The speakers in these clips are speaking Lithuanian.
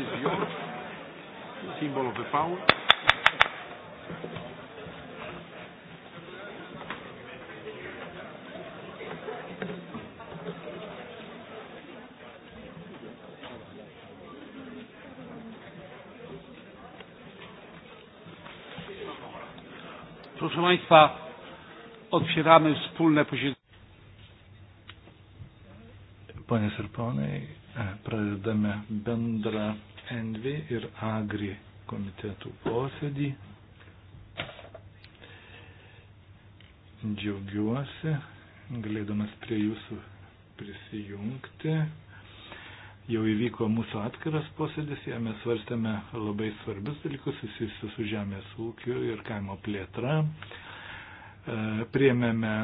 is yours, symbol of the power. Proszę Państwa, otwieramy wspólne posiedzenie. Panie Serponai, pradedame bendrą NV ir AGRI komitetų posėdį. Džiaugiuosi, galėdamas prie jūsų prisijungti. Jau įvyko mūsų atskiras posėdis, jame svarstėme labai svarbius dalykus susijusius su žemės ūkiu ir kaimo plėtra. E, Priemėme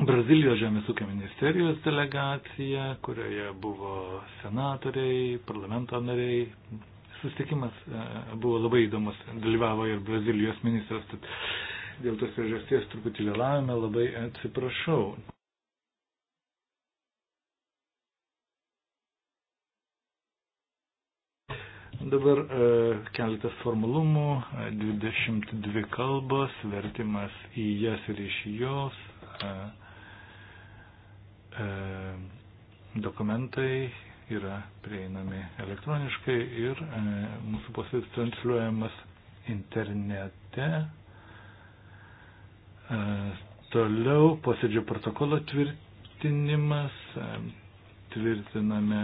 Brazilijos žemės ūkio ministerijos delegacija, kurioje buvo senatoriai, parlamento nariai. Sustikimas e, buvo labai įdomus, dalyvavo ir Brazilijos ministras, tad dėl tos priežasties truputį vėlavome, labai atsiprašau. Dabar e, keletas formalumų, 22 e, kalbos, vertimas į jas ir iš jos. E, e, dokumentai yra prieinami elektroniškai ir e, mūsų posėdis transliuojamas internete. E, toliau posėdžio protokolo tvirtinimas. E, tvirtiname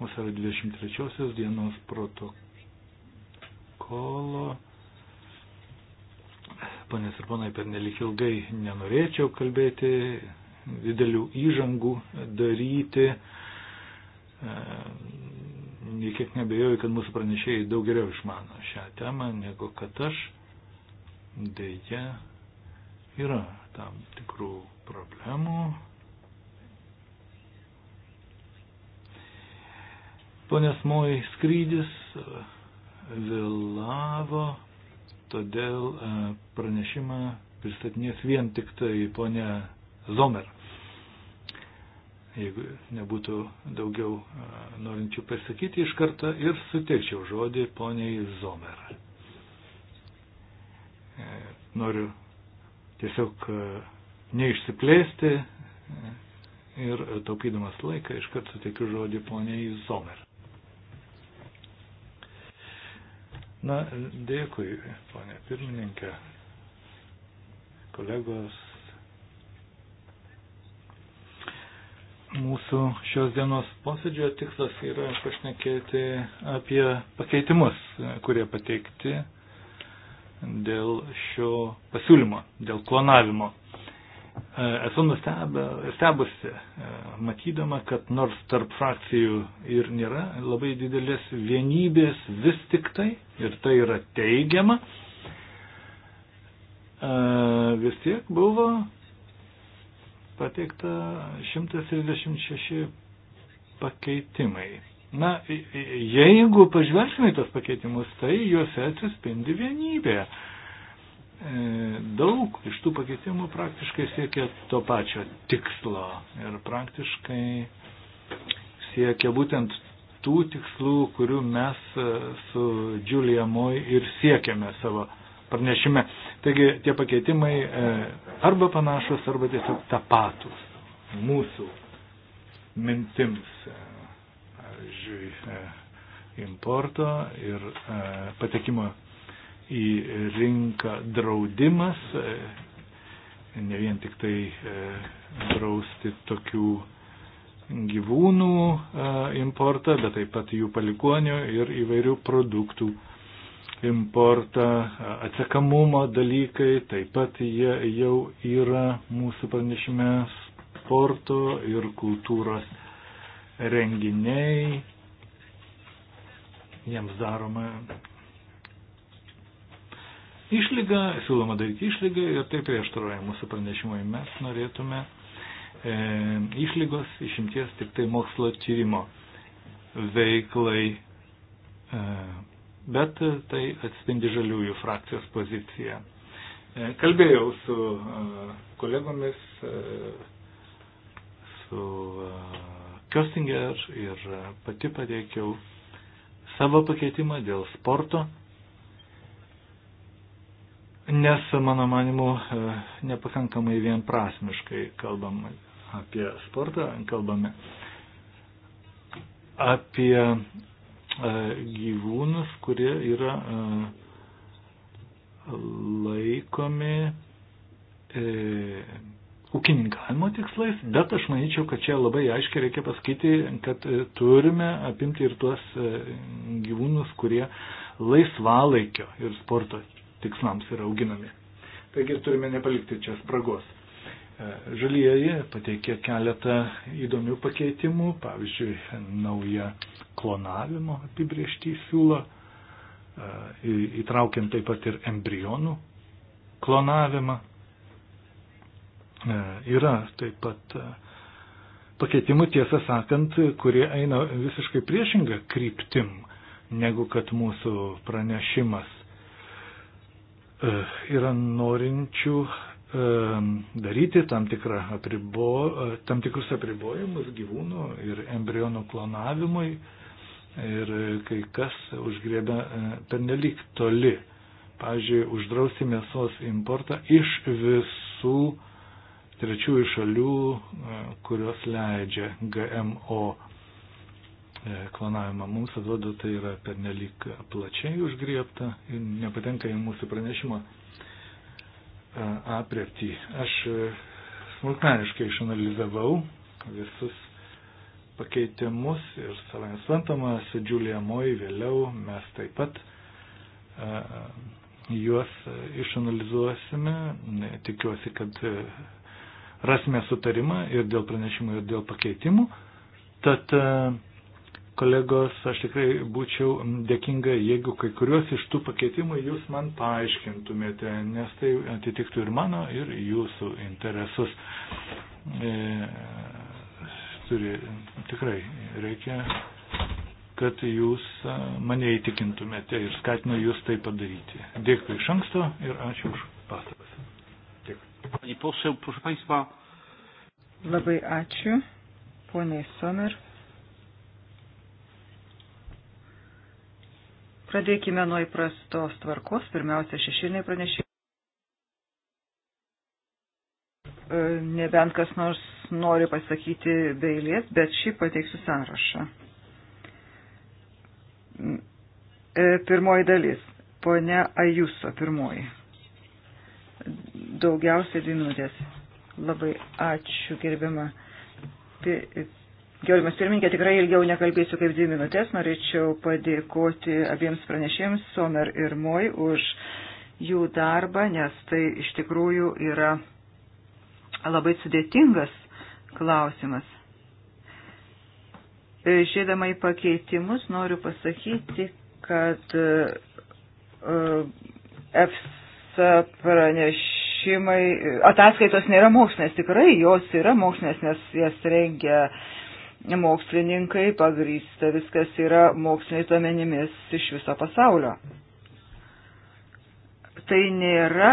vasario 23 dienos protokolo. Panės ir ponai, per nelik ilgai nenorėčiau kalbėti, didelių įžangų daryti. E, Niekiek nebejoju, kad mūsų pranešėjai daug geriau išmano šią temą negu kad aš. Deja, yra tam tikrų problemų. Ponės Moj skrydis e, vėlavo, todėl e, pranešimą pristatinės vien tik tai ponė Zomer. Jeigu nebūtų daugiau e, norinčių pasakyti iš karto ir suteikčiau žodį poniai Zomer. E, noriu tiesiog e, neišsiplėsti ir taupydamas laiką iškart suteikiu žodį poniai Zomer. Na, dėkui, ponė pirmininkė, kolegos, Mūsų šios dienos posėdžio tikslas yra pašnekėti apie pakeitimus, kurie pateikti dėl šio pasiūlymo, dėl klonavimo. E, esu nustebusi, e, matydama, kad nors tarp frakcijų ir nėra labai didelės vienybės vis tik tai, ir tai yra teigiama, e, vis tiek buvo pateikta 136 pakeitimai. Na, jeigu pažvelgsime į tos pakeitimus, tai juose atsispindi vienybė. E, daug iš tų pakeitimų praktiškai siekia to pačio tikslo ir praktiškai siekia būtent tų tikslų, kurių mes e, su Julia Moy ir siekiame savo pranešime. Taigi tie pakeitimai e, arba panašus, arba tiesiog tapatus mūsų mintims. E, pavyzdžiui, e, importo ir patekimo į rinką draudimas, ne vien tik tai drausti tokių gyvūnų importą, bet taip pat jų palikonių ir įvairių produktų importą, atsekamumo dalykai, taip pat jie jau yra mūsų pranešime sporto ir kultūros renginiai, jiems daroma išlyga, siūloma daryti išlygą ir tai prieštaroja mūsų pranešimui. Mes norėtume e, išlygos išimties tik tai mokslo tyrimo veiklai e, bet e, tai atspindi žaliųjų frakcijos poziciją. E, kalbėjau su e, kolegomis, su Kostinger ir pati pateikiau savo pakeitimą dėl sporto, nes, mano manimu, nepakankamai vienprasmiškai kalbam apie sportą, kalbame apie E, gyvūnus, kurie yra e, laikomi e, ūkininkavimo tikslais, bet aš manyčiau, kad čia labai aiškiai reikia pasakyti, kad turime apimti ir tuos gyvūnus, kurie laisvalaikio ir sporto tikslams yra auginami. Taigi turime nepalikti čia spragos. E, žalieji pateikė keletą įdomių pakeitimų, pavyzdžiui, naują klonavimo apibriežtį siūlo, e, įtraukiant taip pat ir embrionų klonavimą. E, yra taip pat pakeitimų, tiesą sakant, kurie eina visiškai priešingą kryptim, negu kad mūsų pranešimas. Yra norinčių daryti tam, tikrą apribo, e, tam tikrus apribojimus gyvūnų ir embrionų klonavimui ir e, kai kas užgrėbė e, pernelik toli. Pavyzdžiui, uždrausti mėsos importą iš visų trečiųjų šalių, kurios leidžia GMO klonavimą. Mums atrodo, tai yra pernelik plačiai užgriepta ir nepatenka į mūsų pranešimą apriepti. Aš e, smulkmeniškai išanalizavau visus pakeitimus ir savai suprantama, su Džiulija Moj vėliau mes taip pat juos e, išanalizuosime. Tikiuosi, kad e, rasime sutarimą ir dėl pranešimų, ir dėl pakeitimų. Tad uh, Kolegos, aš tikrai būčiau dėkinga, jeigu kai kuriuos iš tų pakeitimų jūs man paaiškintumėte, nes tai atitiktų ir mano, ir jūsų interesus. E, turi, tikrai reikia, kad jūs e, mane įtikintumėte ir skatinu jūs tai padaryti. Dėkui iš anksto ir ačiū už pastabas. Dėkui. Labai ačiū, poniai Somer. Pradėkime nuo įprastos tvarkos. Pirmiausia, šešiliniai pranešimai. E, nebent kas nors nori pasakyti beilės, bet šį pateiksiu sąrašą. E, pirmoji dalis. Pone Ajuso, pirmoji. Daugiausiai dvi minutės. Labai ačiū, gerbiama Gerbiamas pirmininkė, tikrai ilgiau nekalbėsiu kaip dvi minutės. Norėčiau padėkoti abiems pranešėjams, Somer ir Moj, už jų darbą, nes tai iš tikrųjų yra labai sudėtingas klausimas. Žiūrėdama į pakeitimus, noriu pasakyti, kad e, EFSA pranešimai, ataskaitos nėra mokslinės, tikrai jos yra mokslinės, nes jas rengia uh, mokslininkai pagrįsta, viskas yra moksliniais duomenimis iš viso pasaulio. Tai nėra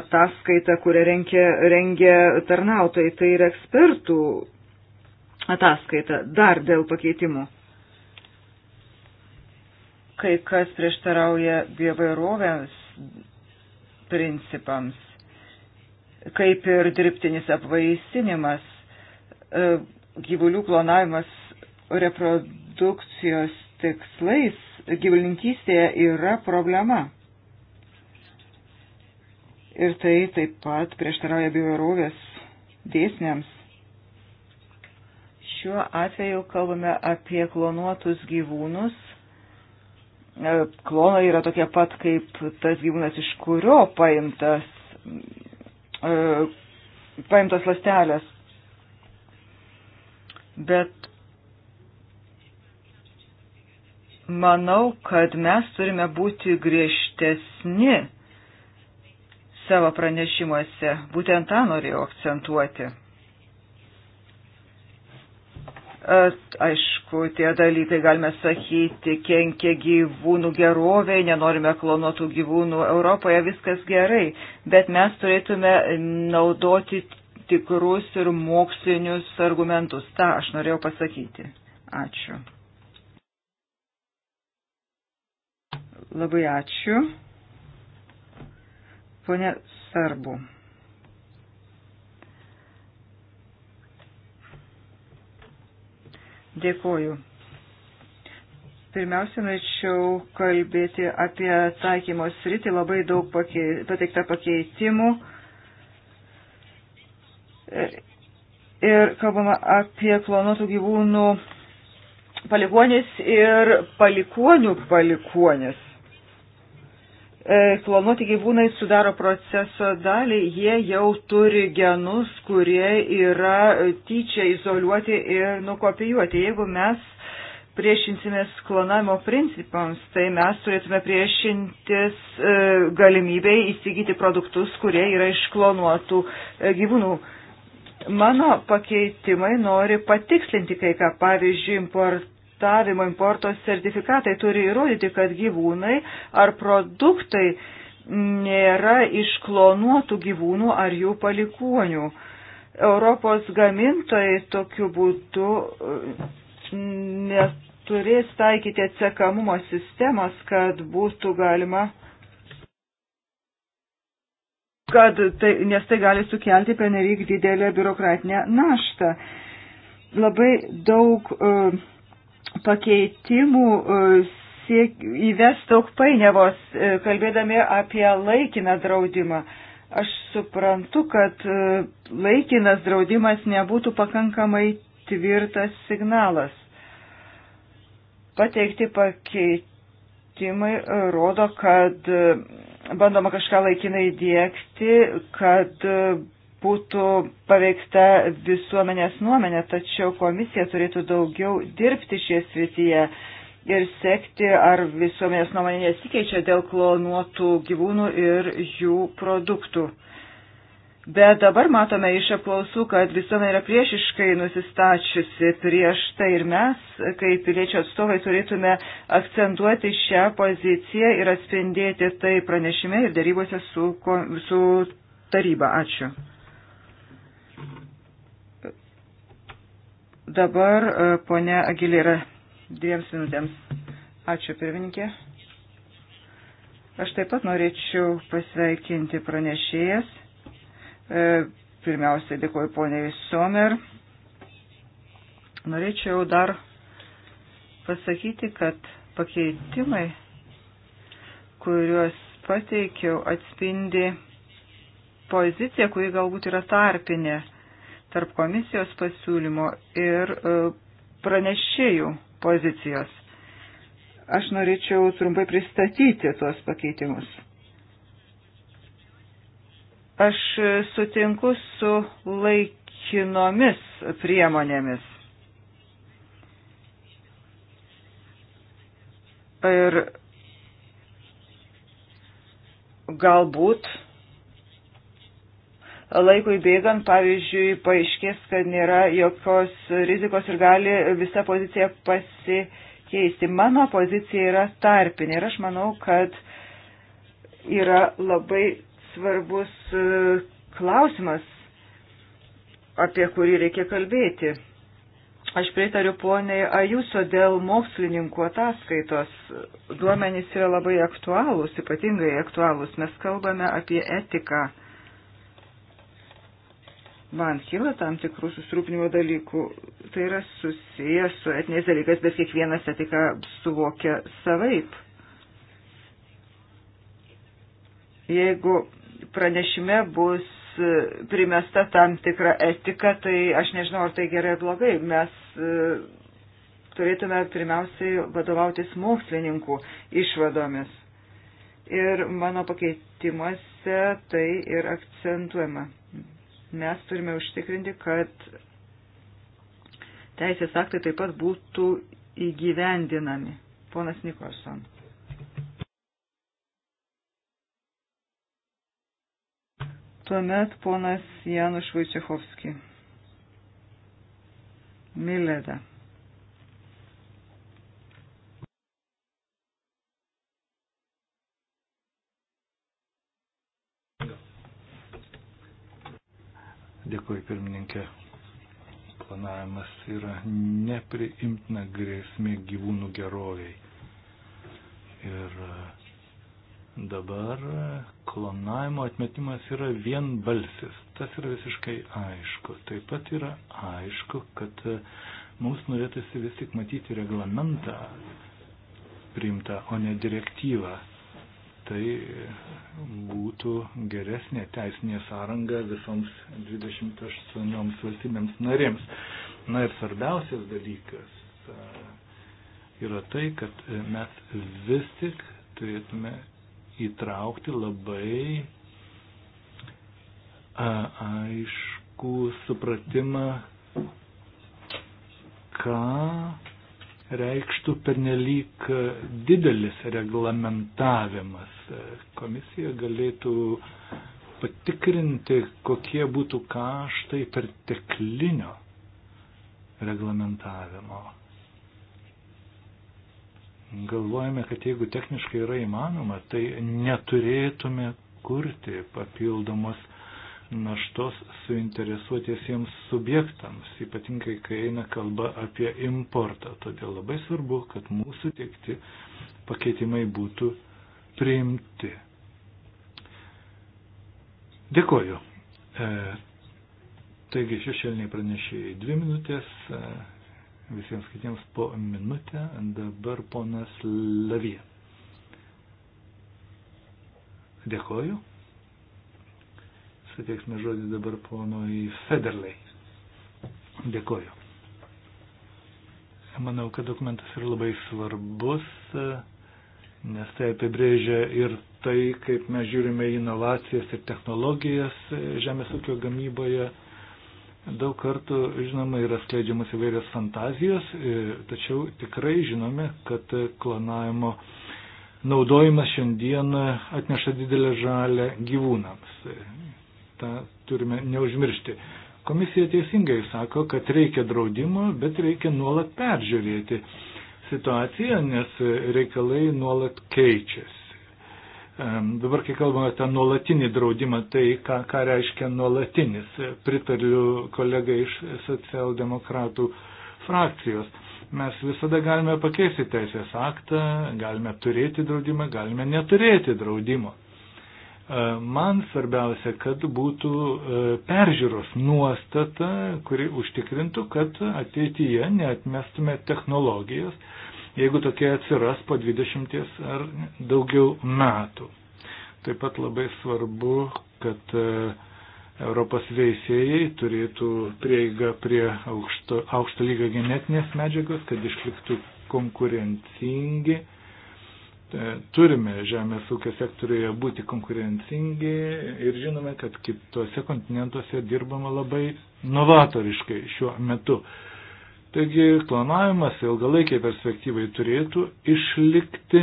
ataskaita, kurią rengia, rengia tarnautojai, tai yra ekspertų ataskaita dar dėl pakeitimų. Kai kas prieštarauja biovairovės principams, kaip ir dirbtinis apvaisinimas E, gyvulių klonavimas reprodukcijos tikslais gyvulininkystėje yra problema. Ir tai taip pat prieštarauja biorovės dėsniams. Šiuo atveju kalbame apie klonuotus gyvūnus. E, klonai yra tokie pat kaip tas gyvūnas, iš kurio paimtas, e, paimtas lastelės bet manau, kad mes turime būti griežtesni savo pranešimuose. Būtent tą norėjau akcentuoti. Aišku, tie dalykai, galime sakyti, kenkia gyvūnų geroviai, nenorime klonuotų gyvūnų Europoje, viskas gerai, bet mes turėtume naudoti tikrus ir mokslinius argumentus. Ta aš norėjau pasakyti. Ačiū. Labai ačiū. Pone Sarbu. Dėkoju. Pirmiausia, norėčiau kalbėti apie taikymo sritį. Labai daug pakei, pateikta pakeitimų ir kalbama apie klonuotų gyvūnų palikuonis ir palikuonių palikuonis. E, klonuoti gyvūnai sudaro proceso dalį, jie jau turi genus, kurie yra tyčia izoliuoti ir nukopijuoti. Jeigu mes priešinsimės klonavimo principams, tai mes turėtume priešintis e, galimybei įsigyti produktus, kurie yra iš klonuotų e, gyvūnų Mano pakeitimai nori patikslinti kai ką, pavyzdžiui, import testavimo importo sertifikatai turi įrodyti, kad gyvūnai ar produktai nėra iš klonuotų gyvūnų ar jų palikuonių. Europos gamintojai tokiu būdu e, neturės taikyti atsekamumo sistemas, kad būtų galima uh, kad tai, nes tai gali sukelti pernelyg didelę biurokratinę naštą. Labai daug uh, pakeitimų uh, siek, įves daug painiavos, uh, kalbėdami apie laikiną draudimą. Aš suprantu, kad uh, laikinas draudimas nebūtų pakankamai tvirtas signalas. Pateikti pakeitimai rodo, kad uh, bandoma kažką laikinai dėkti, kad e, būtų paveikta visuomenės nuomenė, tačiau komisija turėtų daugiau dirbti šie srityje ir sekti, ar visuomenės nuomonė nesikeičia dėl klonuotų gyvūnų ir jų produktų. Uh, Bet dabar matome iš apklausų, kad visuomenė yra priešiškai nusistačiusi prieš tai ir mes, kaip piliečio atstovai, turėtume akcentuoti šią poziciją ir atspindėti tai pranešime ir darybose su, su taryba. Ačiū. Dabar e, ponia Agilėra dviems minutėms. Ačiū pirmininkė. Aš taip pat norėčiau pasveikinti pranešėjas E, pirmiausia, dėkuoju poniai Somer. Norėčiau dar pasakyti, kad pakeitimai, kuriuos pateikiau, atspindi poziciją, kuri galbūt yra tarpinė tarp komisijos pasiūlymo ir e, pranešėjų pozicijos. Aš norėčiau trumpai pristatyti tuos pakeitimus. Aš sutinku su laikinomis priemonėmis. Ir galbūt laikui bėgant, pavyzdžiui, paaiškės, kad nėra jokios rizikos ir gali visa pozicija pasikeisti. Mano pozicija yra tarpinė ir aš manau, kad yra labai svarbus e, klausimas, apie kurį reikia kalbėti. Aš pritariu poniai Ajuso dėl mokslininkų ataskaitos. Duomenys yra labai aktualūs, ypatingai aktualūs. Mes kalbame apie etiką. Man kyla tam tikrų susirūpinimo dalykų. Tai yra susijęs su etiniais dalykais, bet kiekvienas etiką suvokia savaip. Jeigu pranešime bus e, primesta tam tikra etika, tai aš nežinau, ar tai gerai ar blogai. Mes e, turėtume pirmiausiai vadovautis mokslininkų išvadomis. Ir mano pakeitimuose tai ir akcentuojama. Mes turime užtikrinti, kad teisės aktai taip pat būtų įgyvendinami. Ponas Nikolson. Tuomet ponas Janus Vaičiachovski. Mileda. Dėkui, pirmininkė. Planavimas yra nepriimtina grėsmė gyvūnų geroviai. Ir uh, Dabar klonavimo atmetimas yra vienbalsis. Tas yra visiškai aišku. Taip pat yra aišku, kad mums norėtųsi vis tik matyti reglamentą priimtą, o ne direktyvą. Tai būtų geresnė teisinė sąranga visoms 28 valstybėms narėms. Na ir svarbiausias dalykas e, yra tai, kad mes vis tik turėtume įtraukti labai aišku supratimą, ką reikštų pernelyg didelis reglamentavimas. Komisija galėtų patikrinti, kokie būtų kaštai perteklinio reglamentavimo galvojame, kad jeigu techniškai yra įmanoma, tai neturėtume kurti papildomos naštos suinteresuotiesiems subjektams, ypatingai kai eina kalba apie importą. Todėl labai svarbu, kad mūsų teikti pakeitimai būtų priimti. Dėkoju. E, taigi šešėliniai pranešėjai dvi minutės, e, visiems kitiems po minutę. Dabar ponas Lavija. Dėkoju. Suteiksime žodį dabar ponui Federlai. Dėkoju. Manau, kad dokumentas yra labai svarbus, nes tai apibrėžia ir tai, kaip mes žiūrime į inovacijas ir technologijas žemės ūkio gamyboje Daug kartų, žinoma, yra skleidžiamas įvairios fantazijos, e, tačiau tikrai žinome, kad klonavimo naudojimas šiandien atneša didelę žalę gyvūnams. E, Ta turime neužmiršti. Komisija teisingai sako, kad reikia draudimo, bet reikia nuolat peržiūrėti situaciją, nes reikalai nuolat keičiasi. Dabar, kai kalbame tą nuolatinį draudimą, tai ką, ką reiškia nuolatinis, pritariu kolegai iš socialdemokratų frakcijos. Mes visada galime pakeisti teisės aktą, galime turėti draudimą, galime neturėti draudimo. Man svarbiausia, kad būtų e, peržiūros nuostata, kuri užtikrintų, kad ateityje neatmestume technologijos jeigu tokie atsiras po 20 ar daugiau metų. Taip pat labai svarbu, kad e, Europos veisėjai turėtų prieigą prie aukšto, aukšto lygio genetinės medžiagos, kad išliktų konkurencingi. E, turime žemės ūkio sektoriuje būti konkurencingi ir žinome, kad kitose kontinentuose dirbama labai novatoriškai šiuo metu. Taigi planavimas ilgalaikiai perspektyvai turėtų išlikti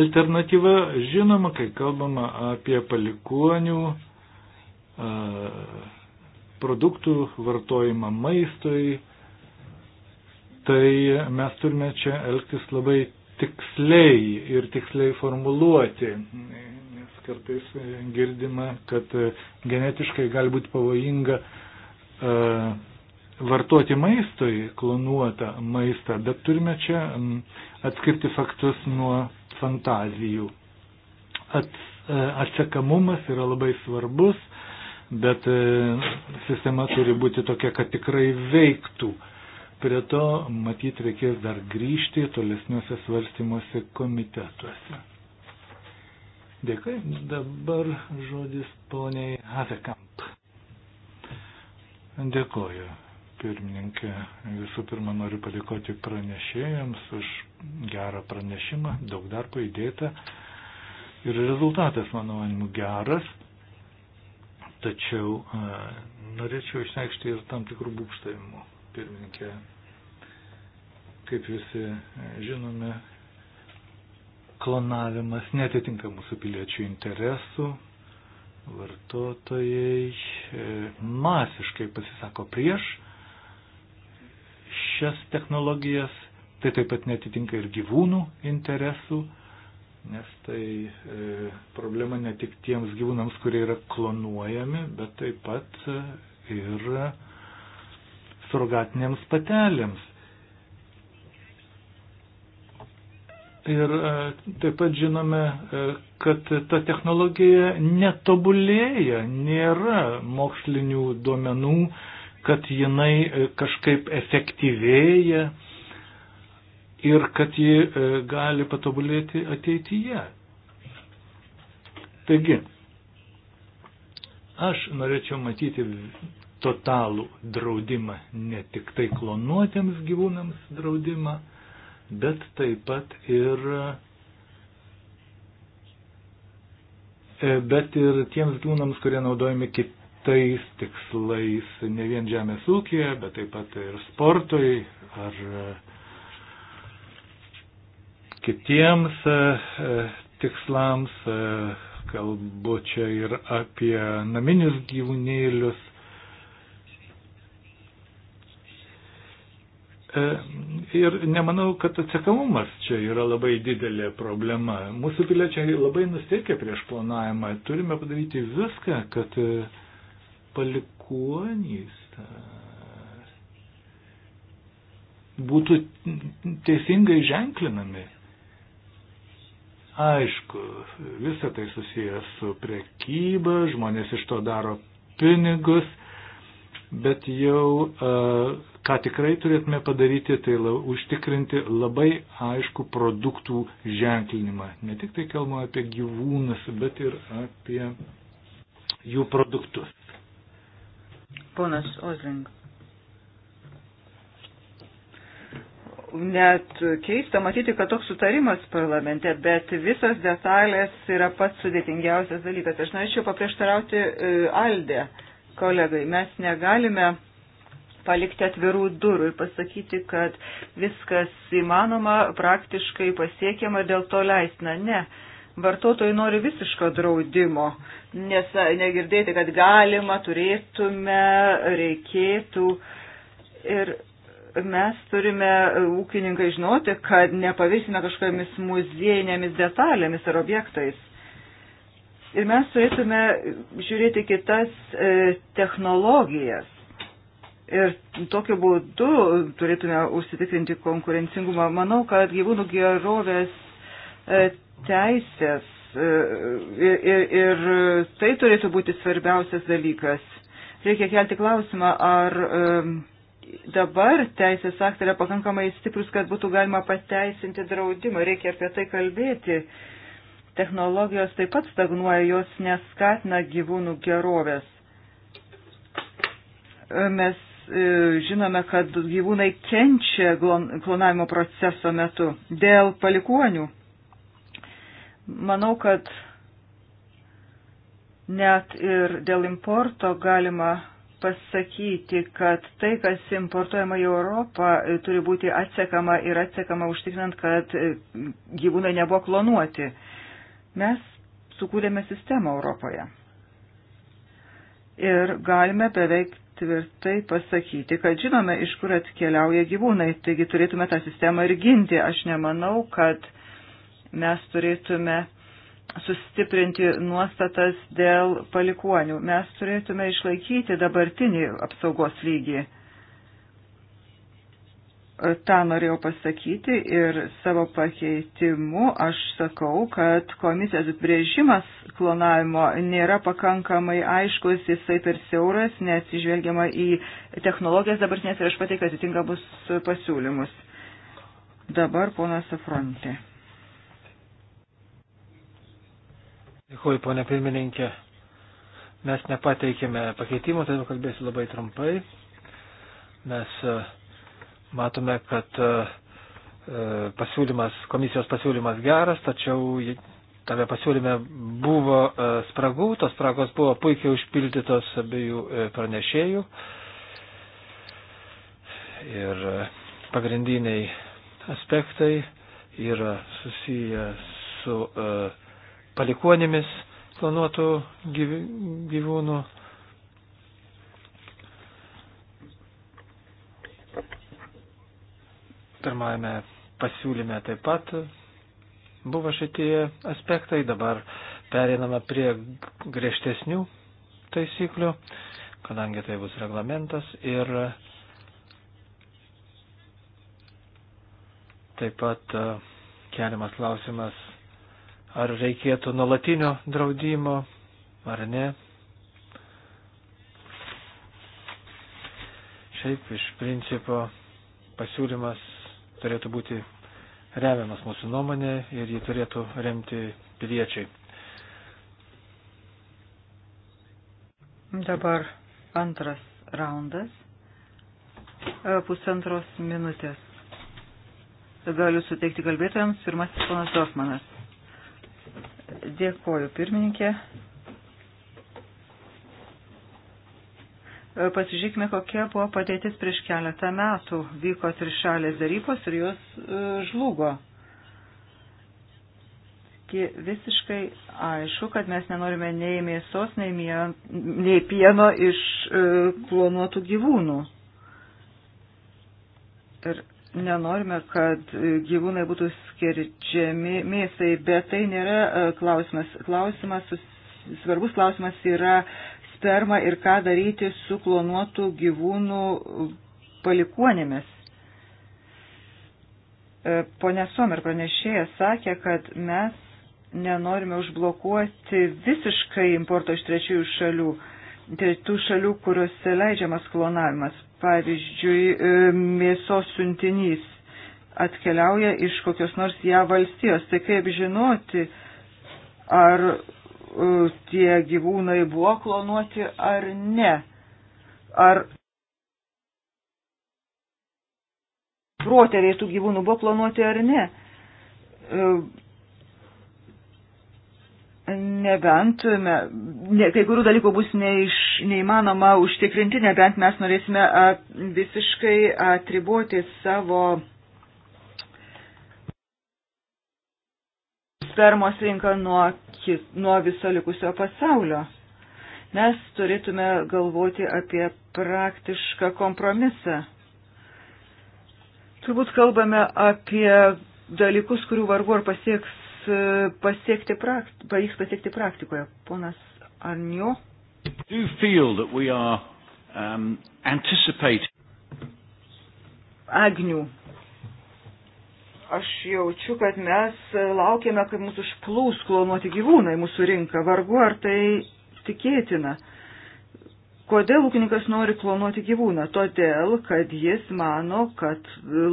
alternatyva, žinoma, kai kalbama apie palikuonių produktų vartojimą maistui, tai mes turime čia elgtis labai tiksliai ir tiksliai formuluoti, nes kartais girdima, kad genetiškai gali būti pavojinga vartoti maistui klonuotą maistą, bet turime čia atskirti faktus nuo fantazijų. E, atsekamumas yra labai svarbus, bet e, sistema turi būti tokia, kad tikrai veiktų. Prie to matyt reikės dar grįžti tolesniuose svarstymuose komitetuose. Dėkui. Dabar žodis poniai Hazekamp. Dėkoju pirmininkė. Visų pirma, noriu padėkoti pranešėjams už gerą pranešimą, daug darbo įdėta. Ir rezultatas, mano manimu, geras. Tačiau a, norėčiau išneikšti ir tam tikrų būkštavimų, pirmininkė. Kaip visi žinome, klonavimas netitinka mūsų piliečių interesų, vartotojai e, masiškai pasisako prieš šias technologijas, tai taip pat netitinka ir gyvūnų interesų, nes tai e, problema ne tik tiems gyvūnams, kurie yra klonuojami, bet taip pat e, ir surogatinėms patelėms. Ir e, taip pat žinome, e, kad ta technologija netobulėja, nėra mokslinių duomenų kad jinai e, kažkaip efektyvėja ir kad ji e, gali patobulėti ateityje. Taigi, aš norėčiau matyti totalų draudimą, ne tik tai klonuotiems gyvūnams draudimą, bet taip pat ir e, bet ir tiems gyvūnams, kurie naudojami kit, kitais tikslais, ne vien žemės ūkėje, bet taip pat ir sportui ar e, kitiems e, e, tikslams. Kalbu čia ir apie naminius gyvūnėlius. Ir nemanau, kad atsekamumas čia yra labai didelė problema. Mūsų piliečiai labai nusteikia prieš planavimą. Turime padaryti viską, kad uh, palikuonys. Būtų teisingai ženklinami. Aišku, visa tai susijęs su prekyba, žmonės iš to daro pinigus, bet jau ką tikrai turėtume padaryti, tai la, užtikrinti labai aišku produktų ženklinimą. Ne tik tai kalbame apie gyvūnus, bet ir apie jų produktus. Ponas Ozling. Net keista matyti, kad toks sutarimas parlamente, bet visas detalės yra pats sudėtingiausias dalykas. Aš norėčiau paprieštarauti e, Aldė kolegai. Mes negalime palikti atvirų durų ir pasakyti, kad viskas įmanoma, praktiškai pasiekiama, dėl to leisna. Ne. Vartotojai nori visiško draudimo, nes negirdėti, kad galima, turėtume, reikėtų. Ir mes turime e, ūkininkai žinoti, kad nepavirsime kažkokiamis muziejinėmis detalėmis ar objektais. Ir mes turėtume žiūrėti kitas e, technologijas. Ir tokiu būdu turėtume užsitikrinti konkurencingumą. Manau, kad gyvūnų gerovės e, teisės ir, e, ir, e, e, ir tai turėtų būti svarbiausias dalykas. Reikia kelti klausimą, ar dabar teisės aktai yra pakankamai stiprus, kad būtų galima pateisinti draudimą. Reikia apie tai kalbėti. Technologijos taip pat stagnuoja, jos neskatina gyvūnų gerovės. Mes žinome, kad gyvūnai kenčia klonavimo proceso metu dėl palikuonių Manau, kad net ir dėl importo galima pasakyti, kad tai, kas importuojama į Europą, turi būti atsekama ir atsekama užtikrinant, kad gyvūnai nebuvo klonuoti. Mes sukūrėme sistemą Europoje. Ir galime beveik tvirtai pasakyti, kad žinome, iš kur atkeliauja gyvūnai, taigi turėtume tą sistemą ir ginti. Aš nemanau, kad mes turėtume sustiprinti nuostatas dėl palikuonių. Mes turėtume išlaikyti dabartinį apsaugos lygį. Ta norėjau pasakyti ir savo pakeitimu aš sakau, kad komisijos brėžimas klonavimo nėra pakankamai aiškus, jisai per siauras, neatsižvelgiama į technologijas dabartinės ir aš pateikiu atitinkamus pasiūlymus. Dabar ponas Afrontė. Dėkuoju, ponė pirmininkė. Mes nepateikėme pakeitimų, todėl kalbėsiu labai trumpai. Mes e, matome, kad e, e, pasiūlymas, komisijos pasiūlymas geras, tačiau tame pasiūlyme buvo spragų, tos spragos buvo puikiai užpildytos abiejų pranešėjų. Ir pagrindiniai aspektai yra susiję su uh, palikuonėmis klonuotų gyvūnų. Pirmajame pasiūlyme taip pat buvo šitie aspektai, dabar perinama prie griežtesnių taisyklių, kadangi tai bus reglamentas ir taip pat keliamas klausimas ar reikėtų nuolatinio draudimo, ar ne. Šiaip iš principo pasiūlymas turėtų būti remiamas mūsų nuomonė ir jį turėtų remti piliečiai. Dabar antras raundas. E, pusantros minutės. Galiu suteikti kalbėtojams. Pirmasis ponas Dorfmanas. Dėkoju, pirmininkė. E, pasižiūrėkime, kokia buvo padėtis prieš keletą metų. Vyko trišalės darybos ir jos e, žlugo. Visiškai aišku, kad mes nenorime nei mėsos, nei, mien, nei pieno iš e, klonuotų gyvūnų. Ir nenorime, kad gyvūnai būtų skirčiami mėsai, bet tai nėra e, klausimas. klausimas svarbus klausimas yra sperma ir ką daryti su klonuotų gyvūnų palikuonėmis. E, Pone Somer pranešėjas sakė, kad mes nenorime užblokuoti visiškai importo iš trečiųjų šalių, tų šalių, kuriuose leidžiamas klonavimas pavyzdžiui, e, mėsos siuntinys atkeliauja iš kokios nors ją valstijos. Tai kaip žinoti, ar e, tie gyvūnai buvo klonuoti ar ne? Ar protėviai tų gyvūnų buvo klonuoti ar ne? E, Nebent, ne, kai kurių dalykų bus neiš, neįmanoma užtikrinti, nebent mes norėsime a, visiškai atriboti savo spermos rinką nuo, nuo viso likusio pasaulio. Mes turėtume galvoti apie praktišką kompromisą. Turbūt kalbame apie dalykus, kurių vargu ar pasieks pasiekti prakt, pavyks pasiekti praktikoje. Ponas Arnio. Are, um, Agnių. Aš jaučiu, kad mes laukiame, kad mūsų užplūs klonuoti gyvūnai mūsų rinką. Vargu ar tai tikėtina. Uh, Kodėl ūkininkas nori klonuoti gyvūną? Todėl, kad jis mano, kad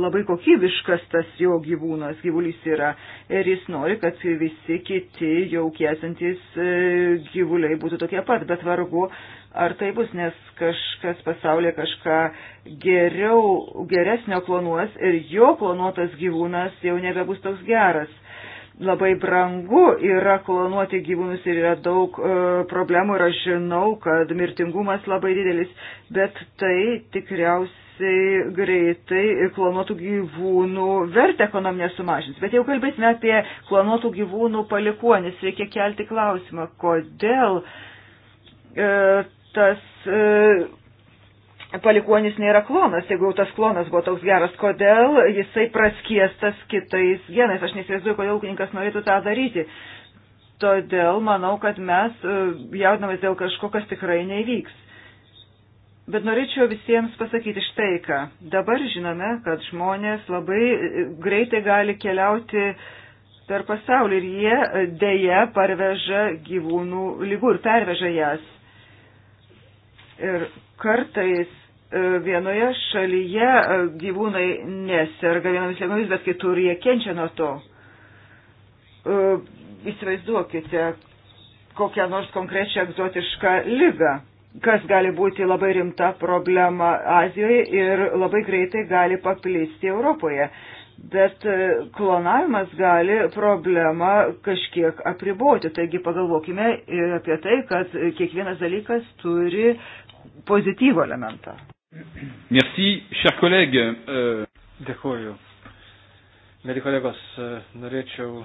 labai kokybiškas tas jo gyvūnas, gyvulys yra ir jis nori, kad visi kiti jau kiesantis e, gyvuliai būtų tokie pat, bet vargu, ar tai bus, nes kažkas pasaulyje kažką geriau, geresnio klonuos ir jo klonuotas gyvūnas jau nebebus toks geras labai brangu yra klonuoti gyvūnus ir yra daug e, problemų ir aš žinau, kad mirtingumas labai didelis, bet tai tikriausiai greitai klonuotų gyvūnų vertę ekonominę sumažins. Bet jau kalbėsime apie klonuotų gyvūnų palikuonis, reikia kelti klausimą, kodėl e, tas. E, palikuonis nėra klonas, jeigu tas klonas buvo toks geras, kodėl jisai praskiestas kitais genais, aš nesivaizduoju, kodėl ūkininkas norėtų tą daryti. Todėl manau, kad mes e, jaudinamės dėl kažko, kas tikrai nevyks. Bet norėčiau visiems pasakyti štai ką. Dabar žinome, kad žmonės labai e, greitai gali keliauti per pasaulį ir jie e, dėja parveža gyvūnų lygų ir perveža jas. Ir kartais E, vienoje šalyje e, gyvūnai neserga vienomis lygomis, bet kitur jie kenčia nuo to. E, įsivaizduokite kokią nors konkrečią egzotišką lygą, kas gali būti labai rimta problema Azijoje ir labai greitai gali paplisti Europoje. Bet klonavimas gali problemą kažkiek apriboti. Taigi pagalvokime ir apie tai, kad kiekvienas dalykas turi pozityvo elementą. Merci, cher collègue. Euh, Dėkuoju. Mėly kolegos, norėčiau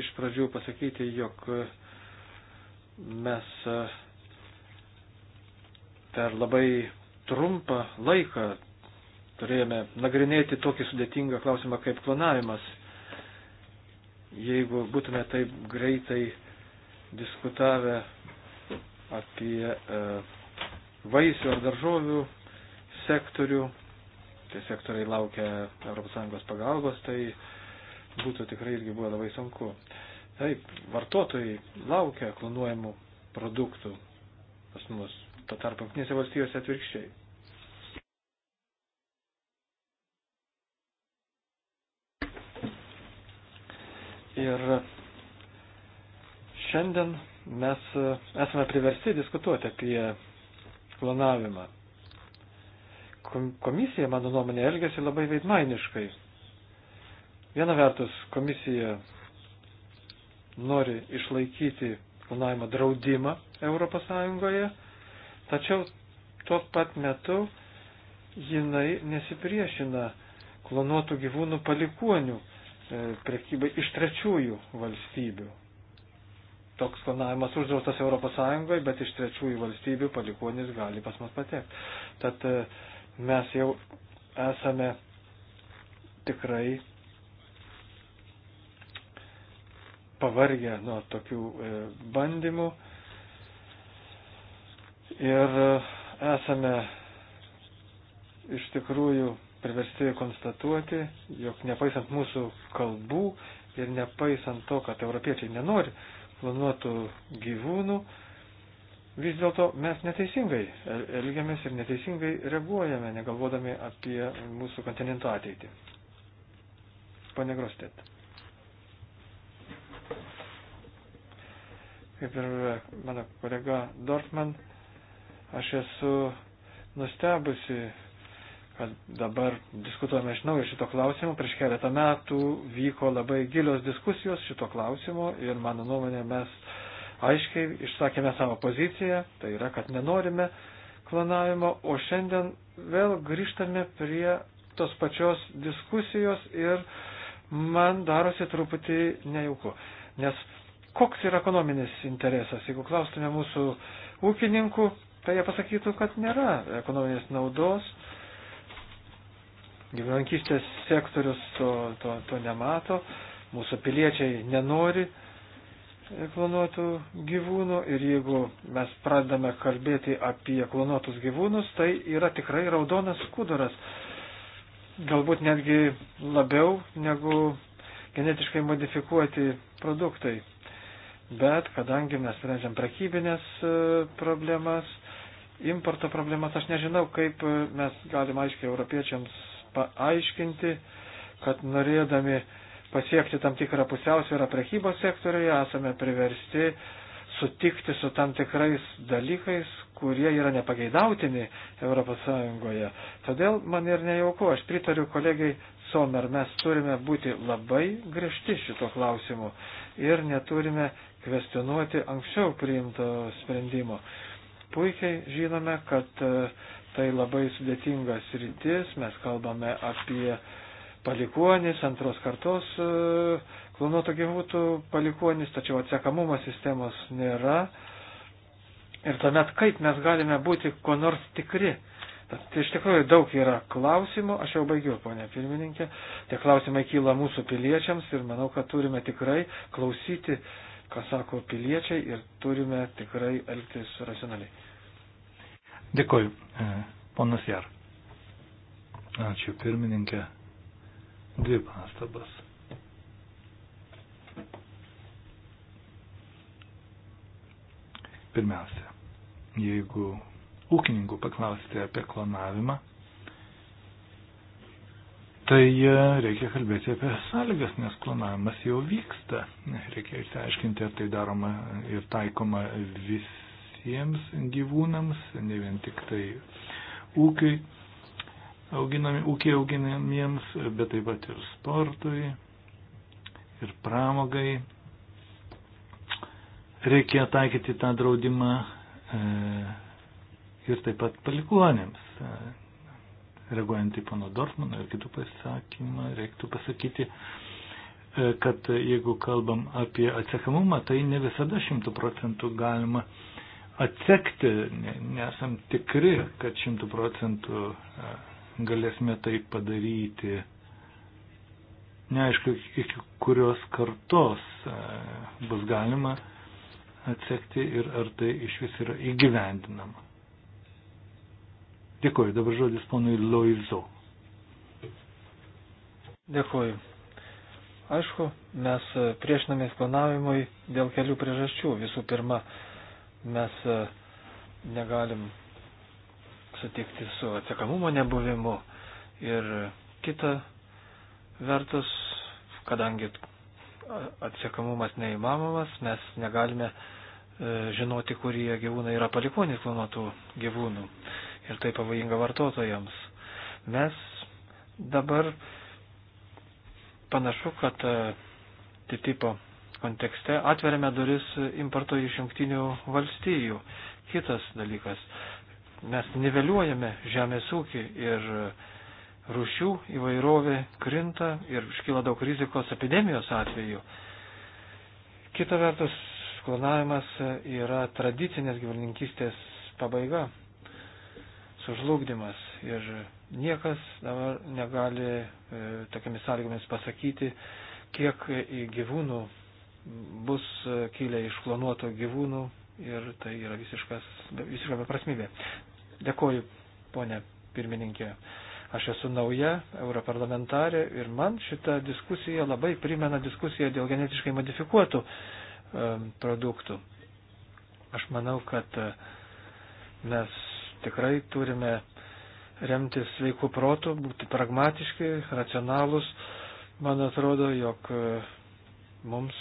iš pradžių pasakyti, jog mes e, per labai trumpą laiką turėjome nagrinėti tokį sudėtingą klausimą kaip klonavimas. Jeigu būtume taip greitai diskutavę apie e, vaisių ar daržovių sektorių, tie sektoriai laukia ES pagalbos, tai būtų tikrai irgi buvo labai sunku. Taip, vartotojai laukia klonuojamų produktų pas mus, to tarp jungtinėse valstijose atvirkščiai. Ir šiandien mes e, esame priversti diskutuoti apie klonavimą komisija, mano nuomonė, elgėsi labai veidmainiškai. Viena vertus, komisija nori išlaikyti klonavimo draudimą Europos Sąjungoje, tačiau tuo pat metu jinai nesipriešina klonuotų gyvūnų palikuonių e, prekybai iš trečiųjų valstybių. Toks klonavimas uždraustas Europos Sąjungoje, bet iš trečiųjų valstybių palikuonis gali pas mus patekti. Tad e, mes jau esame tikrai pavargę nuo tokių e, bandymų ir e, esame iš tikrųjų priversti konstatuoti, jog nepaisant mūsų kalbų ir nepaisant to, kad europiečiai nenori planuotų gyvūnų, vis dėlto mes neteisingai elgiamės ir neteisingai reaguojame, negalvodami apie mūsų kontinento ateitį. Pane Grostet. Kaip ir mano kolega Dorfman, aš esu nustebusi, kad dabar diskutuojame iš naujo šito klausimo. Prieš keletą metų vyko labai gilios diskusijos šito klausimo ir mano nuomonė mes uh, aiškiai išsakėme savo poziciją, tai yra, kad nenorime planavimo, o šiandien vėl grįžtame prie tos pačios diskusijos ir man darosi truputį nejauku. Nes koks yra ekonominis interesas? Jeigu klaustume mūsų ūkininkų, tai jie pasakytų, kad nėra ekonominės naudos. Gyvulankystės sektorius to, to, to nemato, mūsų piliečiai nenori klonuotų gyvūnų ir jeigu mes pradedame kalbėti apie klonuotus gyvūnus, tai yra tikrai raudonas skuduras. Galbūt netgi labiau negu genetiškai modifikuoti produktai. Bet kadangi mes sprendžiam prekybinės e, problemas, importo problemas, aš nežinau, kaip e, mes galime aiškiai europiečiams paaiškinti, kad norėdami uh, pasiekti tam tikrą pusiausvyrą prekybos sektoriuje, esame priversti sutikti su tam tikrais dalykais, kurie yra nepageidautini ES. Todėl man ir nejauku, aš pritariu kolegai Somer, mes turime būti labai griežti šito klausimu ir neturime kvestionuoti anksčiau priimto sprendimo. Puikiai žinome, kad e, tai labai sudėtingas rytis, mes kalbame apie palikuonis, antros kartos e, klonuoto gyvūtų palikuonis, tačiau atsiekamumo sistemos nėra. Ir tuomet kaip mes galime būti ko nors tikri? Tad iš tikrųjų daug yra klausimų, aš jau baigiu, ponė pirmininkė, tie klausimai kyla mūsų piliečiams ir manau, kad turime tikrai klausyti, ką sako piliečiai ir turime tikrai elgtis racionaliai. Dėkuoju, e, ponas Jar. Ačiū pirmininkė dvi pastabas. Pirmiausia, jeigu ūkininkų paklausite apie klonavimą, tai reikia kalbėti apie sąlygas, nes klonavimas jau vyksta. Reikia išsiaiškinti, ar tai daroma ir taikoma visiems gyvūnams, ne vien tik tai ūkiai auginami, ūkiai auginamiems, bet taip pat ir sportui, ir pramogai. Reikia taikyti tą draudimą e, ir taip pat palikuonėms. E, reaguojant į pono Dorfmano ir kitų pasakymą, reiktų pasakyti, e, kad jeigu kalbam apie atsekamumą, tai ne visada šimtų procentų galima atsekti, nesam tikri, kad šimtų procentų galėsime tai padaryti. Neaišku, iki kurios kartos e, bus galima atsekti ir ar tai iš vis yra įgyvendinama. Dėkuoju, dabar žodis ponui Loizo. Dėkuoju. Aišku, mes priešinamės planavimui dėl kelių priežasčių. Visų pirma, mes e, negalim sutikti su atsakamumo nebuvimu ir kita vertus, kadangi atsakamumas neįmanomas, mes negalime e, žinoti, kurie gyvūnai yra palikonis klonuotų gyvūnų ir tai pavojinga vartotojams. Mes dabar panašu, kad e, TTIPO kontekste atveriame duris importo iš jungtinių valstijų. Kitas dalykas, mes niveliuojame žemės ūkį ir rušių įvairovė krinta ir iškyla daug rizikos epidemijos atveju. Kita vertus, klonavimas yra tradicinės gyvulininkystės pabaiga, sužlugdymas ir niekas dabar negali e, tokiamis sąlygomis pasakyti, kiek gyvūnų bus kilę iš klonuoto gyvūnų ir tai yra visiškas, visiška beprasmybė. Dėkuoju, ponė pirmininkė. Aš esu nauja europarlamentarė ir man šita diskusija labai primena diskusiją dėl genetiškai modifikuotų produktų. Aš manau, kad e, mes tikrai turime remtis sveikų protų, būti pragmatiški, racionalūs. Man atrodo, jog e, mums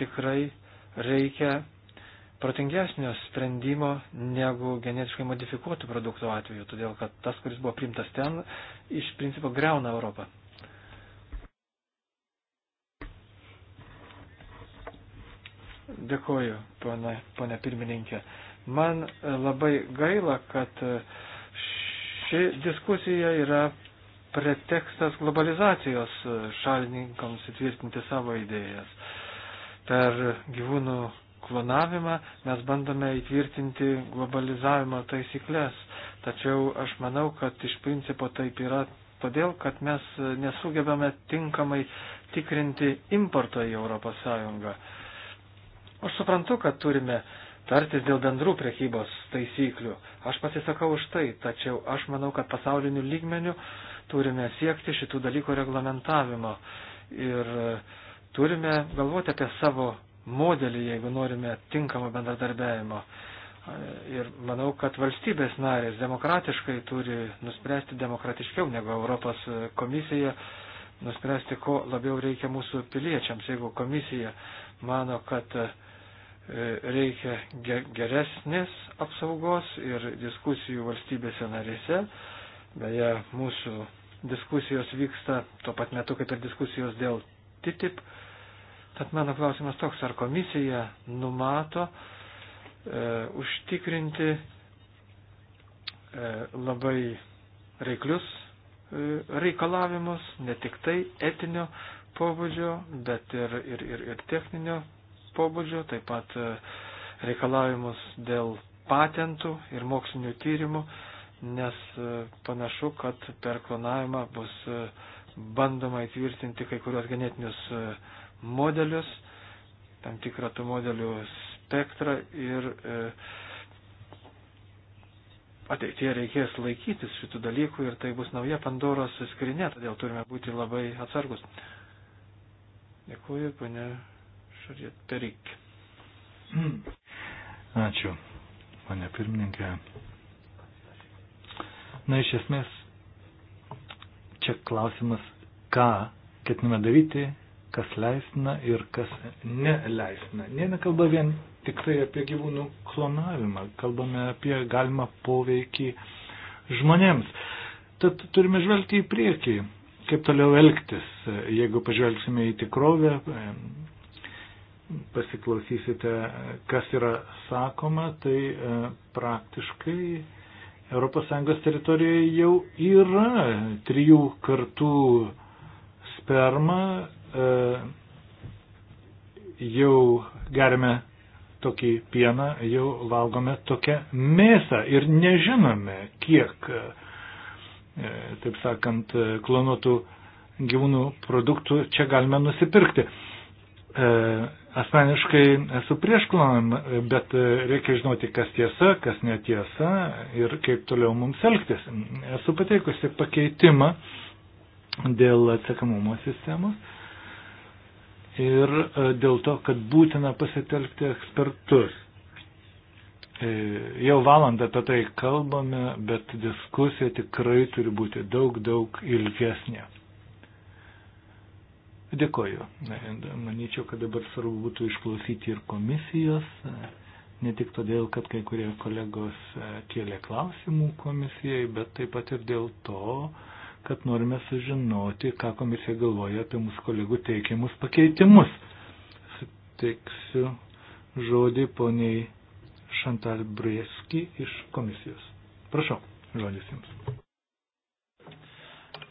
tikrai reikia protingesnio sprendimo negu genetiškai modifikuotų produktų atveju, todėl kad tas, kuris buvo primtas ten, iš principo greuna Europą. Dėkoju, ponė, ponė pirmininkė. Man e, labai gaila, kad e, ši diskusija yra pretekstas globalizacijos e, šalininkams įtvirtinti savo idėjas. Per gyvūnų klonavimą, mes bandome įtvirtinti globalizavimo taisyklės. Tačiau aš manau, kad iš principo taip yra todėl, kad mes nesugebame tinkamai tikrinti importą į Europos Sąjungą. Aš suprantu, kad turime tartis dėl bendrų prekybos taisyklių. Aš pasisakau už tai, tačiau aš manau, kad pasauliniu lygmeniu turime siekti šitų dalykų reglamentavimo ir turime galvoti apie savo modelį, jeigu norime tinkamo bendradarbiavimo. Ir manau, kad valstybės narės demokratiškai turi nuspręsti demokratiškiau negu Europos komisija, nuspręsti, ko labiau reikia mūsų piliečiams. Jeigu komisija mano, kad e, reikia geresnės apsaugos ir diskusijų valstybėse narėse, beje, mūsų diskusijos vyksta tuo pat metu kaip ir diskusijos dėl TTIP, Tad mano klausimas toks, ar komisija numato e, užtikrinti e, labai reiklius e, reikalavimus, ne tik tai etinio pobūdžio, bet ir, ir, ir, ir techninio pobūdžio, taip pat e, reikalavimus dėl patentų ir mokslinių tyrimų, nes e, panašu, kad per klonavimą bus e, bandoma įtvirtinti kai kurios genetinius e, modelius, tam tikrą tų modelių spektrą ir e, ateitie reikės laikytis šitų dalykų ir tai bus nauja Pandoros skrinė, todėl turime būti labai atsargus. Dėkuoju, ponė Šarjat Perik. Hmm. Ačiū, ponė pirmininkė. Na, iš esmės, čia klausimas, ką ketiname daryti kas leistina ir kas neleistina. Nėra kalba vien tik tai apie gyvūnų klonavimą, kalbame apie galimą poveikį žmonėms. Tad turime žvelgti į priekį, kaip toliau elgtis, jeigu pažvelgsime į tikrovę, pasiklausysite, kas yra sakoma, tai e, praktiškai ES teritorijoje jau yra trijų kartų sperma E, jau gerime tokį pieną, jau valgome tokią mėsą ir nežinome, kiek, e, taip sakant, klonuotų gyvūnų produktų čia galime nusipirkti. E, asmeniškai esu prieš klonavimą, bet reikia žinoti, kas tiesa, kas netiesa ir kaip toliau mums elgtis. Esu pateikusi pakeitimą dėl atsekamumo sistemos ir e, dėl to, kad būtina pasitelkti ekspertus. E, jau valandą apie tai kalbame, bet diskusija tikrai turi būti daug, daug ilgesnė. Dėkoju. Manyčiau, kad dabar svarbu būtų išklausyti ir komisijos, e, ne tik todėl, kad kai kurie kolegos kėlė klausimų komisijai, bet taip pat ir dėl to, kad norime sužinoti, ką komisija galvoja apie mūsų kolegų teikiamus pakeitimus. Suteiksiu žodį poniai Šantal Brieski iš komisijos. Prašau, žodis jums.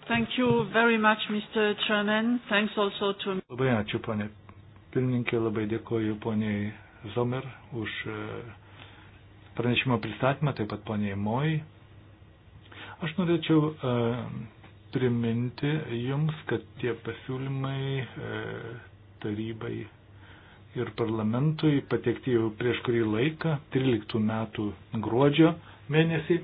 Thank you very much, Mr. Chairman. Thanks also to... Labai ačiū, ponė pirmininkė, labai dėkoju poniai Zomer už e, pranešimo pristatymą, taip pat poniai Moj. Aš norėčiau uh, priminti jums, kad tie pasiūlymai e, tarybai ir parlamentui patekti jau prieš kurį laiką, 13 metų gruodžio mėnesį.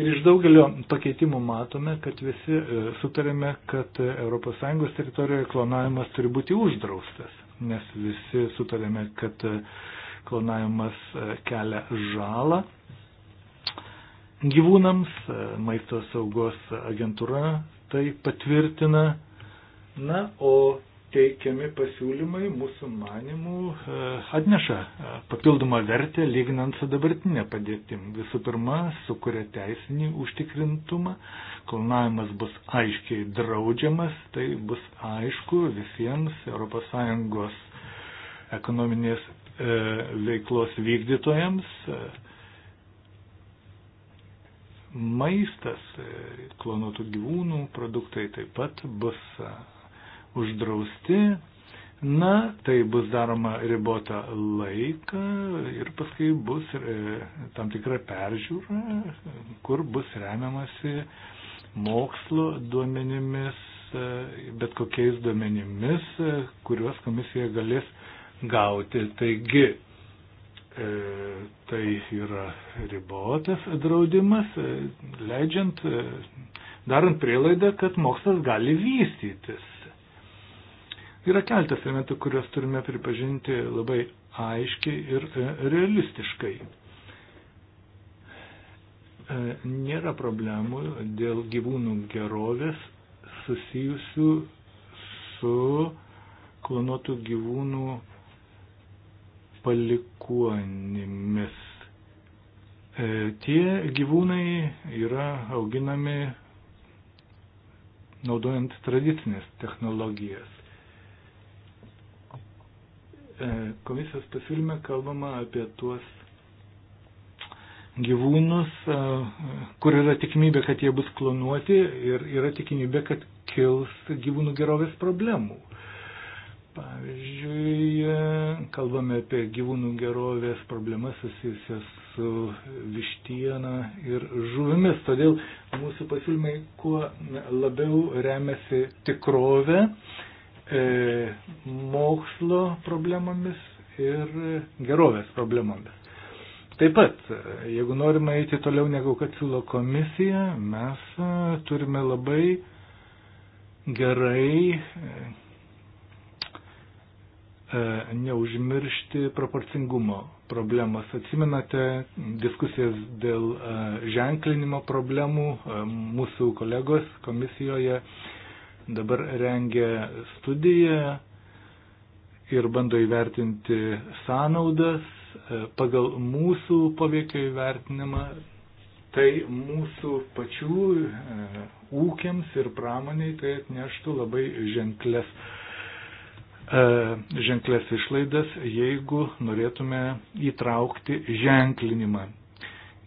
Ir iš daugelio pakeitimų matome, kad visi e, sutarėme, kad ES teritorijoje klonavimas turi būti uždraustas, nes visi sutarėme, kad e, klonavimas kelia žalą gyvūnams, maisto saugos agentūra tai patvirtina. Na, o teikiami pasiūlymai mūsų manimų e, atneša e, papildomą vertę lyginant su dabartinė padėtim. Visų pirma, sukuria teisinį užtikrintumą, klonavimas bus aiškiai draudžiamas, tai bus aišku visiems ES ekonominės e, veiklos vykdytojams. E, maistas, e, klonuotų gyvūnų produktai taip pat bus e, uždrausti. Na, tai bus daroma ribota laika ir paskui bus e, tam tikra peržiūra, kur bus remiamasi mokslo duomenimis, bet kokiais duomenimis, kuriuos komisija galės gauti. Taigi, E, tai yra ribotas draudimas, e, leidžiant, e, darant prielaidą, kad mokslas gali vystytis. Yra keltas elementų, kuriuos turime pripažinti labai aiškiai ir realistiškai. Nėra problemų dėl gyvūnų gerovės susijusių su klonuotų gyvūnų palikuonimis. E, tie gyvūnai yra auginami naudojant tradicinės technologijas. E, komisijos pasiūlyme kalbama apie tuos gyvūnus, e, kur yra tikimybė, kad jie bus klonuoti ir yra tikimybė, kad kils gyvūnų gerovės problemų. Pavyzdžiui, kalbame apie gyvūnų gerovės problemas susijusias su vištiena ir žuvimis. Todėl mūsų pasiūlymai kuo labiau remiasi tikrovę, e, mokslo problemomis ir gerovės problemomis. Taip pat, jeigu norime eiti toliau negu kad siūlo komisija, mes turime labai gerai E, neužmiršti proporcingumo problemos. Atsimenate diskusijas dėl e, ženklinimo problemų. E, mūsų kolegos komisijoje dabar rengia studiją ir bando įvertinti sąnaudas pagal mūsų poveikio įvertinimą. Tai mūsų pačių ūkiams ir pramoniai tai atneštų labai ženklės E, ženklės išlaidas, jeigu norėtume įtraukti ženklinimą.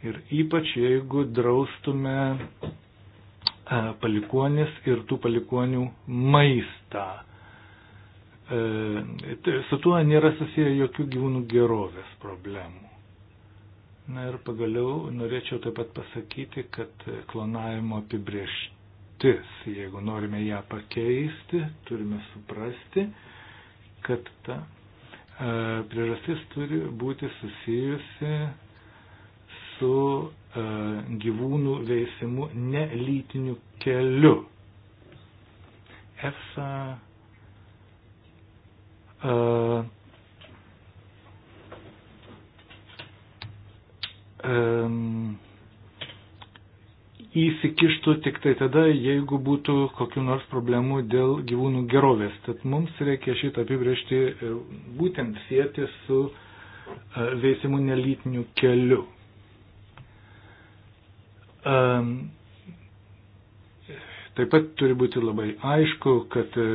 Ir ypač jeigu draustume e, palikuonis ir tų palikonių maistą. E, su tuo nėra susiję jokių gyvūnų gerovės problemų. Na ir pagaliau norėčiau taip pat pasakyti, kad klonavimo apibrieštis, jeigu norime ją pakeisti, turime suprasti, kad ta e, priežastis turi būti susijusi su e, gyvūnų veisimu nelytiniu keliu. EFSA e, e, įsikištų tik tai tada, jeigu būtų kokiu nors problemų dėl gyvūnų gerovės. Tad mums reikia šitą apibriežti e, būtent sėti su e, veisimu nelytiniu keliu. Taip pat turi būti labai aišku, kad e,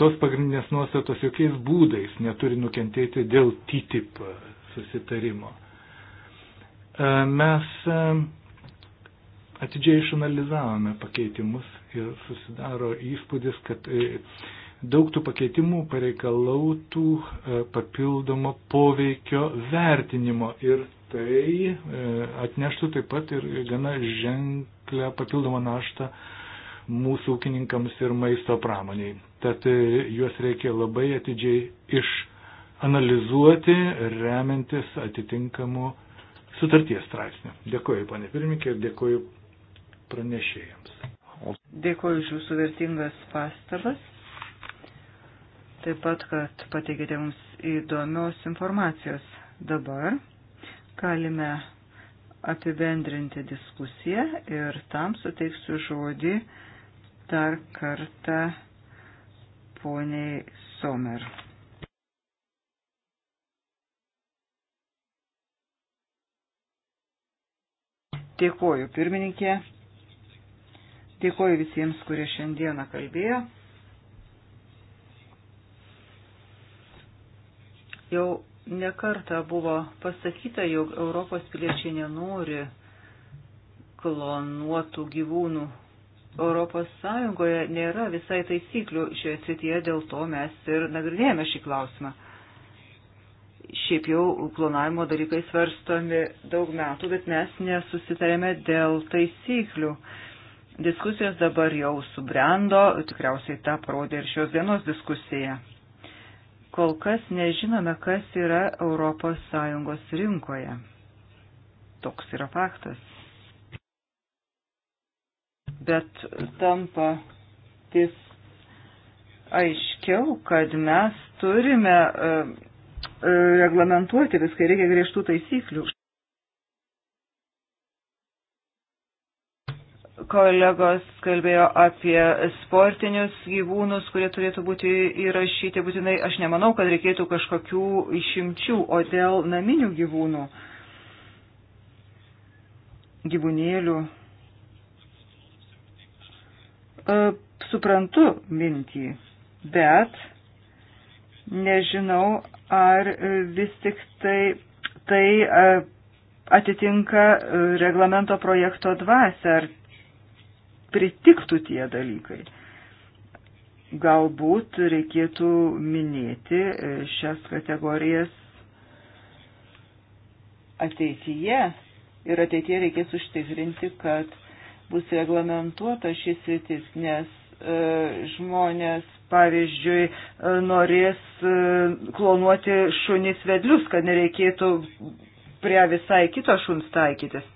tos pagrindinės nuostatos jokiais būdais neturi nukentėti dėl TTIP susitarimo. Mes Atidžiai išanalizavome pakeitimus ir susidaro įspūdis, kad e, daug tų pakeitimų pareikalautų e, papildomo poveikio vertinimo ir tai e, atneštų taip pat ir gana ženklę papildomą naštą mūsų ūkininkams ir maisto pramoniai. Tad juos reikia labai atidžiai išanalizuoti, remiantis atitinkamu sutarties straipsniu. Dėkuoju, panė pirmininkė, ir dėkuoju pranešėjams. Dėkuoju už jūsų vertingas pastabas. Taip pat, kad pateikėte mums įdomios informacijos. Dabar galime apibendrinti diskusiją ir tam suteiksiu žodį dar kartą poniai Somer. Dėkuoju, pirmininkė. Dėkoju visiems, kurie šiandieną kalbėjo. Jau nekarta buvo pasakyta, jog Europos piliečiai nenori klonuotų gyvūnų. Europos Sąjungoje nėra visai taisyklių šioje srityje, dėl to mes ir nagrinėjame šį klausimą. Šiaip jau klonavimo dalykai svarstomi daug metų, bet mes nesusitarėme dėl taisyklių. Diskusijos dabar jau subrendo, tikriausiai tą parodė ir šios dienos diskusija. Kol kas nežinome, kas yra ES rinkoje. Toks yra faktas. Bet tampa vis aiškiau, kad mes turime e, e, reglamentuoti viską, reikia griežtų taisyklių. Kolegos kalbėjo apie sportinius gyvūnus, kurie turėtų būti įrašyti būtinai. Aš nemanau, kad reikėtų kažkokių išimčių, o dėl naminių gyvūnų, gyvūnėlių. E, suprantu mintį, bet nežinau, ar vis tik tai tai e, atitinka e, reglamento projekto dvasę, ar pritiktų tie dalykai. Galbūt reikėtų minėti e, šias kategorijas ateityje ir ateityje reikės užtikrinti, kad bus reglamentuota šis rytis, nes e, žmonės, pavyzdžiui, e, norės klonuoti šunis vedlius, kad nereikėtų prie visai kito šuns taikytis.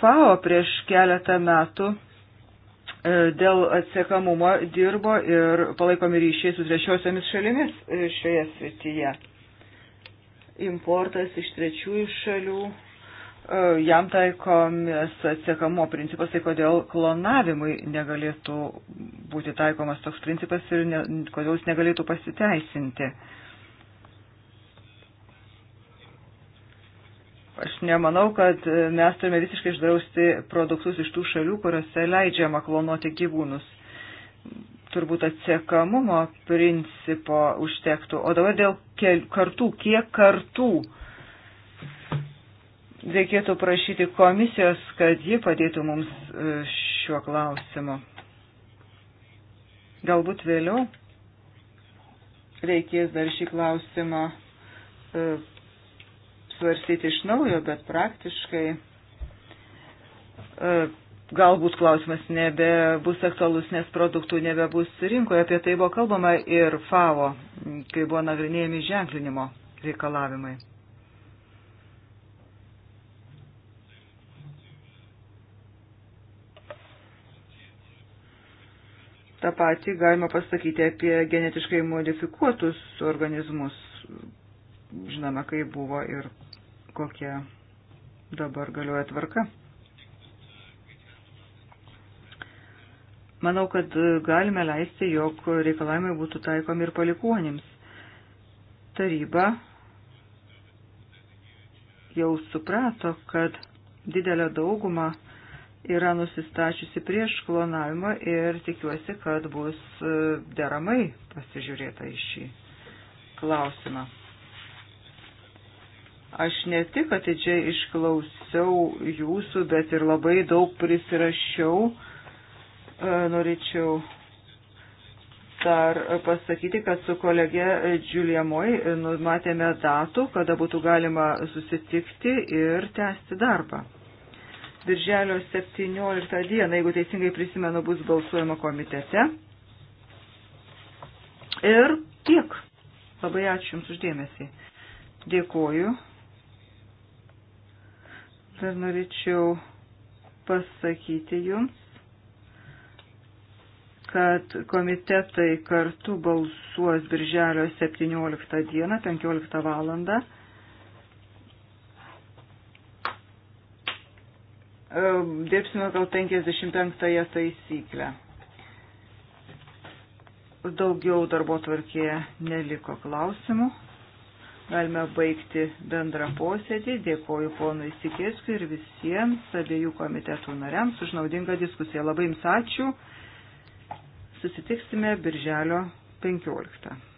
FAO prieš keletą metų e, dėl atsiekamumo dirbo ir palaikomi ryšiai su trečiosiomis šalimis e, šioje srityje. Importas iš trečiųjų šalių, e, jam taikomis atsiekamumo principas, tai kodėl klonavimui negalėtų būti taikomas toks principas ir ne, kodėl jis negalėtų pasiteisinti. Uh, Aš nemanau, kad mes turime visiškai išdrausti produktus iš tų šalių, kuriuose leidžiama klonuoti gyvūnus. Turbūt atsiekamumo principo užtektų. O dabar dėl kartų, kiek kartų reikėtų prašyti komisijos, kad ji padėtų mums e, šiuo klausimu. Galbūt vėliau reikės dar šį klausimą e, svarstyti iš naujo, bet praktiškai e, galbūt klausimas nebebus aktualus, nes produktų nebebus rinkoje. Apie tai buvo kalbama ir FAO, kai buvo nagrinėjami ženklinimo reikalavimai. Ta pati galima pasakyti apie genetiškai modifikuotus organizmus. Žinoma, kai buvo ir kokia dabar galioja tvarka. Manau, kad galime leisti, jog reikalavimai būtų taikomi ir palikuonims. Taryba jau suprato, kad didelę daugumą yra nusistačiusi prieš klonavimą ir tikiuosi, kad bus deramai pasižiūrėta į šį klausimą. Aš ne tik atidžiai išklausiau jūsų, bet ir labai daug prisirašiau. E, norėčiau dar pasakyti, kad su kolege Džiuliamoj e, numatėme datų, kada būtų galima susitikti ir tęsti darbą. Birželio 17 dieną, jeigu teisingai prisimenu, bus balsuojama komitete. Ir tiek. Labai ačiū Jums uždėmesį. Dėkuoju dar norėčiau pasakyti jums, kad komitetai kartu balsuos birželio 17 dieną, 15 valandą. E, dirbsime gal 55 taisyklę. Daugiau darbo tvarkėje neliko klausimų. Galime baigti bendrą posėdį. Dėkoju ponui Sikėskui ir visiems abiejų komitetų nariams už naudingą diskusiją. Labai jums ačiū. Susitiksime birželio 15.